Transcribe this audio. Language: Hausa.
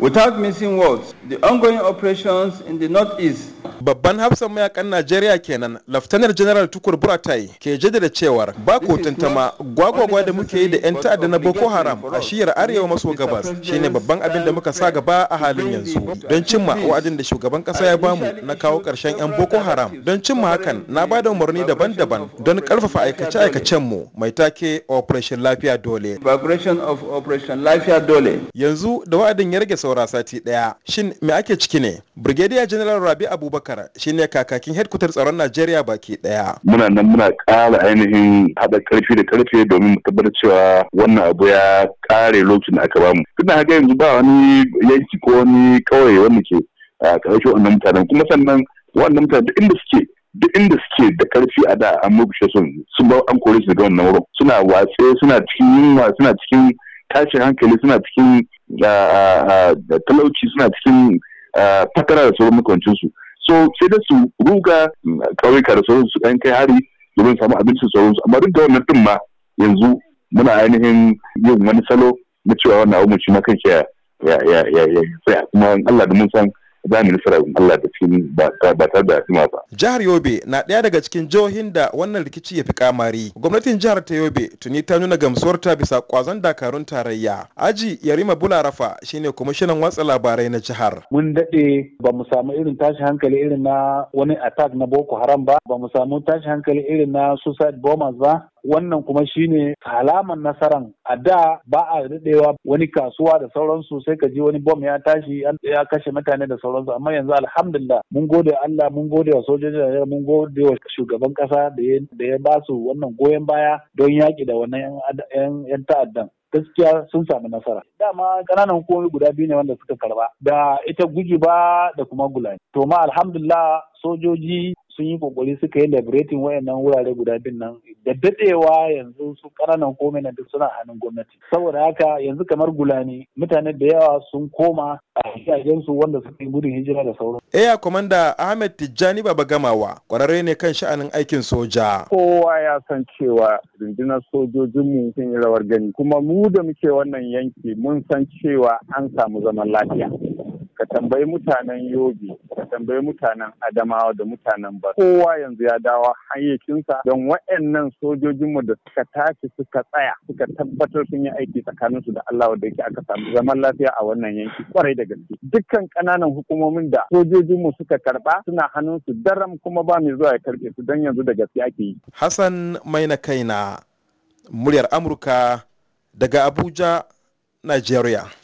Without missing words, the ongoing operations in the Northeast babban hafsan mayakan najeriya kenan laftanar general tukur buratai ke jaddada cewar ba ko tantama gwagwagwa da muke yi da yan ta'adda na boko haram a shiyar arewa maso gabas shine babban abin da muka sa gaba a halin yanzu don cimma wa'adin da shugaban kasa ya bamu na kawo karshen yan boko haram don cimma hakan na ba da umarni daban-daban don karfafa aikace-aikacen mu mai take operation lafiya dole yanzu da wa'adin ya rage saura sati daya shin me ake ciki ne brigadier general rabi abubakar Abubakar shine kakakin headquarter tsaron Najeriya baki daya. Muna nan muna ƙara ainihin haɗa ƙarfi da karfe domin mu tabbatar cewa wannan abu ya ƙare lokacin da aka bamu. Tunda haka yanzu ba wani yanki ko wani ƙauye wanda ke a ƙarshe wannan mutanen kuma sannan wannan mutanen duk inda suke duk inda suke da karfi a da an murkushe sun sun bar an kore su daga wannan wurin suna watse suna cikin yunwa suna cikin tashin hankali suna cikin talauci suna cikin fatara da sauran makoncinsu. su so sai da su ruga ƙauyuka da sauran su kai hari domin samu abincin su amma duk da wannan din ma yanzu muna ainihin yin wani salo na cewa wannan abu na kan ya ya ya ya kuma Allah da mun san za mu nasara in Allah da cikin ba tare da hima ba. Jihar Yobe na ɗaya daga cikin jihohin da wannan rikici ya fi kamari. Gwamnatin jihar ta Yobe tuni ta nuna gamsuwarta bisa kwazon dakarun tarayya. Aji Yarima Bularafa shine kwamishinan watsa labarai na jihar. Mun daɗe ba mu samu irin tashi hankali irin na wani attack na Boko Haram ba, ba mu samu tashi hankali irin na suicide bombers ba, wannan kuma shine alaman nasaran a da ba a daɗewa wani kasuwa da sauransu sai ka ji wani bom ya tashi ya kashe mutane da sauransu amma yanzu alhamdulillah mun gode Allah mun gode wa sojoji da mun gode wa shugaban kasa da ya ba su wannan goyon baya don yaƙi da wannan 'yan ta'addan gaskiya sun samu nasara dama kananan hukumomi guda biyu ne wanda suka karba da ita guji ba da kuma gulani to ma alhamdulillah sojoji sun yi kokari suka yi labiratin wayannan wurare guda bin nan da dadewa yanzu su kananan komai na duk suna hannun gwamnati saboda haka yanzu kamar gulani mutane da yawa sun koma a su wanda suka yi gudun hijira da sauran. Eya komanda Ahmed Tijjani Baba Gamawa kwararre ne kan sha'anin aikin soja. Kowa ya san cewa rundunar sojojinmu sun yi rawar gani kuma mu da muke wannan yanki mun san cewa an samu zaman lafiya. ka tambayi mutanen yobe ka tambayi mutanen adamawa da mutanen ba kowa yanzu ya dawo hayyacinsa don wa'annan sojojinmu da suka tashi suka tsaya suka tabbatar sun yi aiki tsakaninsu da Allah da yake aka samu zaman lafiya a wannan yanki kwarai da gaske dukkan kananan hukumomin da sojojinmu suka karba suna hannunsu daram kuma ba mai zuwa ya karbe su don yanzu da gaske ake yi Hassan Maina Kaina muryar Amurka daga Abuja Nigeria